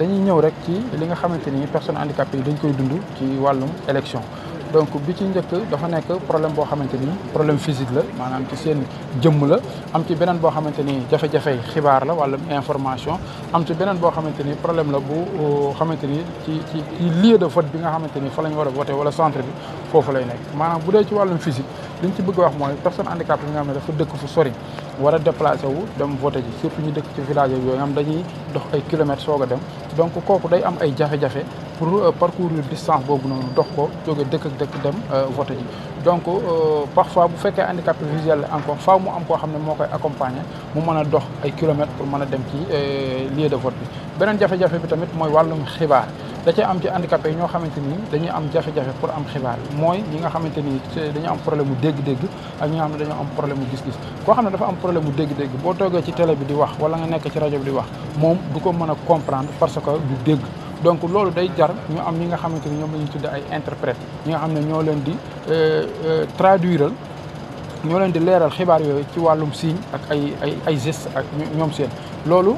dañuy ñëw rek ci li nga xamante ni personnes handicapées yi dañ koy dund ci wàllum élection donc bi ci njëkk dafa nekk problème boo xamante ni problème physique la maanaam ci seen jëmm la am ci beneen boo xamante ni jafe xibaar la wàllum information am ci beneen boo xamante ni problème la bu euh, xamante ni ci ci lieu de bi nga xamante ni fa la ñu war a voté wala centre bi foofu lay nekk maanaam bu dee ci wàllum physique li ñu ci bëgg a wax mooy personne handicapée bi nga xam ne dafa dëkk fu sori wara a déplacé wu dem voté ji surtout ñu dëkk ci village ak yooyu nga dañuy dox ay kilomètres soog a dem donc kooku day am ay jafe-jafe pour euh, parcourir distance boobu noonu dox ko jóge dëkk ak dëkk dem euh, voté ji donc euh, parfois bu fekkee handicap visuel la encore faaw mu am koo xam ne moo koy accompagner mu mën a dox ay kilomètres pour mën a dem ci lieu de vote bi beneen jafe-jafe bi tamit mooy wàllum xibaar da cee am ci handicapé yi ñoo xamante ni dañuy am jafe-jafe pour am xibaar mooy ñi nga xamante ni dañu am problème mu dégg-dégg ak ñi xam ne dañoo am problème mu gis-gis koo xam ne dafa am problème mu dégg-dégg boo toogee ci télé bi di wax wala nga nekk ci rajo bi di wax moom du ko mën a comprendre parce que du dégg donc loolu day jar ñu am ñi nga xamante ni ñoom la ñuy tudde ay interprète ñi nga xam ne ñoo leen di euh, euh, traduiral ñoo leen di leeral xibaar yooyu ci wàllum signe ak ay ay ay geste ak ñoom seen loolu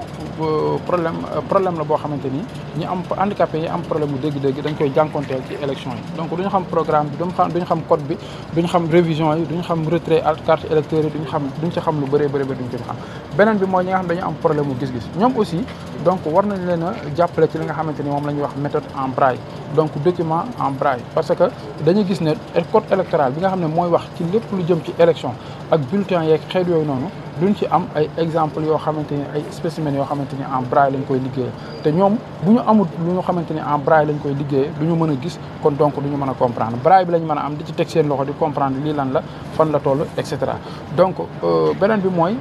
problème euh, problème la boo xamante ni ñi am handicapé yi am problème bu dégg-dégg dañ koy jànkonteel ci élection yi donc duñu xam programme bi duñu xam xam code bi duñu xam révision yi duñu xam retrait carte électeur yi duñu xam duñu ci xam lu bëree bëri ba duñu ci xam beneen bi mooy ñi nga xam dañu am problème bu gis-gis ñoom aussi donc war nañ leen a jàppale ci li nga xamante ni moom la ñuy wax méthode en braille donc document en braille parce que dañuy gis ne code électoral bi nga xam ne mooy wax ci lépp lu jëm ci élection ak bulletin yeeg xeet yooyu noonu duñ ci am ay exemple yoo xamante ni ay spécimen yoo xamante ni en braille lañ koy liggéeyee te ñoom bu ñu amul lu ñu xamante ni en braille lañ koy liggéeye du ñu mën a gis kon donc du ñu mën a comprendre braille bi lañ mën a am di ci teg seen loxo di comprendre lii lan la fan la toll et cetera donc euh, beneen bi mooy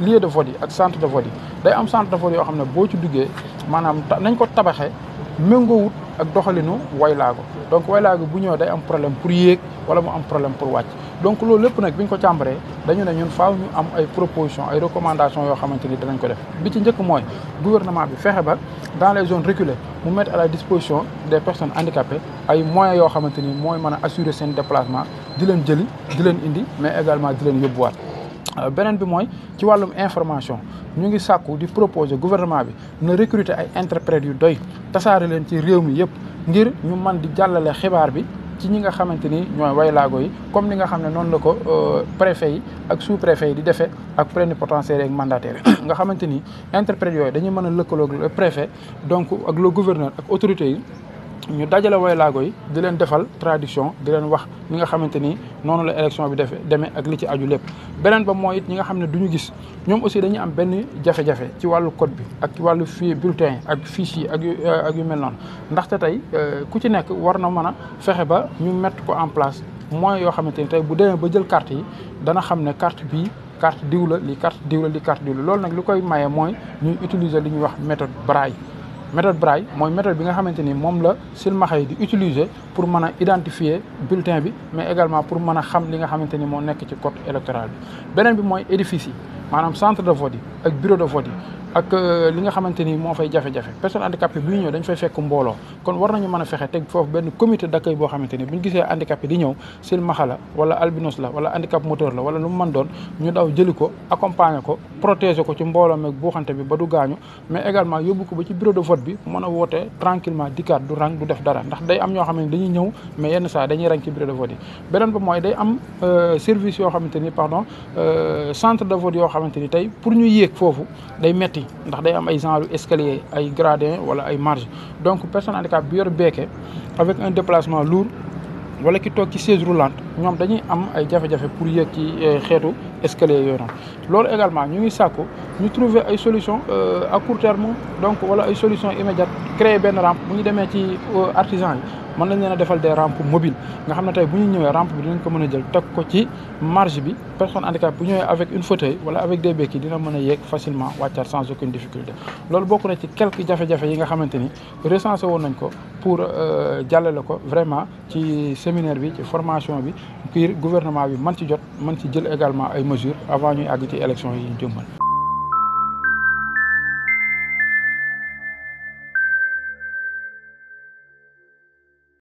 lieu de vote yi ak centre de vote day am centre de vote yoo xam ne boo ci duggee maanaam nañ ko tabaxee méngoowut ak doxalinu waylaago donc waylaago bu ñëw day am problème pour yéeg wala mu am problème pour wàcc donc loolu lépp nag bi ñu ko càmbaree dañu ne ñun faaw ñu am ay proposition ay recommandation yoo xamante ni danañ ko def bi ci njëkk mooy gouvernement bi fexe ba dans les zones reculées mu mettre à la disposition des personnes handicapées ay moyens yoo xamante ni mooy mën a seen déplacement di leen jëli di leen indi mais également di leen yóbbuwaat Euh, beneen bi mooy ci wàllum information ñu ngi sàkku di proposer gouvernement bi na recruter ay interprètes yu doy tasaare leen ci réew mi yëpp ngir ñu man di jàllale xibaar bi ci ñi nga xamante ni ñooy waylaago yi comme ni nga xam ne noonu la ko euh, préfet yi ak sous préfet yi di defee ak plénipotentiaire ak mandataire nga xamante ni interprètes yooyu dañuy mën a lëkkaloog le préfet donc ak le gouverneur ak autorités yi ñu dajale way laago yi di leen defal tradition di leen wax ñi nga xamante ni noonu la élection bi defee demee ak li ci aju lépp beneen ba mooy it ñi nga xam ne du ñu gis ñoom aussi dañuy am benn jafe-jafe ci wàllu code bi ak ci wàllu fii bulletin ak fiche yi ak yu euh, ak yu mel noonu ndaxte tey euh, ku ci nekk war na mën a fexe ba ñu mettre ko en place moyens yoo xamante ni tey bu demee ba jël carte yi dana xam ne carte bii carte diw la li carte diw la li carte diw lool nag li koy maye mooy ñuy utiliser li ñuy wax méthode Braille méthode Braille mooy méthode bi nga xamante ni moom la silmaxa yi di utiliser pour mën a identifier bulletin bi mais également pour mën a xam li nga xamante ni moo nekk ci code électoral bi beneen bi mooy édifice yi maanaam centre de vote yi ak bureau de vote ak euh, li nga xamante ni moo fay jafe-jafe personne handicapé bi ñëw dañ fay fekk mbooloo kon war nañu mën a fexe teg foofu benn comité d'accueil boo xamante ni bu ñu gisee handicapé di ñëw sil maxa la wala albinos la wala handicap moteur la wala lu mu doon ñu daw jëli ko accompagner ko protéger ko ci mboolo meeg buuxante bi ba du gaañu mais également yóbbu ko ba ci bureau de vote bi mën a woote dara ndax am ñoo xam ne dañuy ñëw mais yenn saa dañuy rang ci bureau de beneen ba mooy day am euh, service yoo xamante ni pardon euh, centre de vote yoo xamante ni tey pour ñu yéeg foofu day metti ndax day am ay genre escalier ay gradin wala ay marge donc personne handicapée bi yor beeke avec un déplacement lourd wala ki toog ci chaise roulante ñoom dañuy am ay jafe-jafe pour yéeg ci eh, xeetu escalier yooyu noonu loolu également ñu ngi ñu trouver ay solution euh, à court terme donc wala ay solution immédiate créer benn rampe bu ñu demee ci euh, artisan yi mën nañ leen a defal de rampes mobiles nga xam ne tey bu ñu ñëwee rampe bi dinañ ko mën a jël teg ko ci marge bi personne handicapée bu ñëwee avec une fauteuil wala avec des béquilles dina mën a yeeg facilement wàccaat sans aucune difficulté loolu bokk na ci quelques jafe-jafe yi nga xamante ni recensé woon nañ ko pour euh, jàllale ko vraiment ci séminaire bi ci formation bi ngir gouvernement bi mën ci jot mën ci jël également ay mesures avant ñuy àgg ci élection yi ñu jëmmal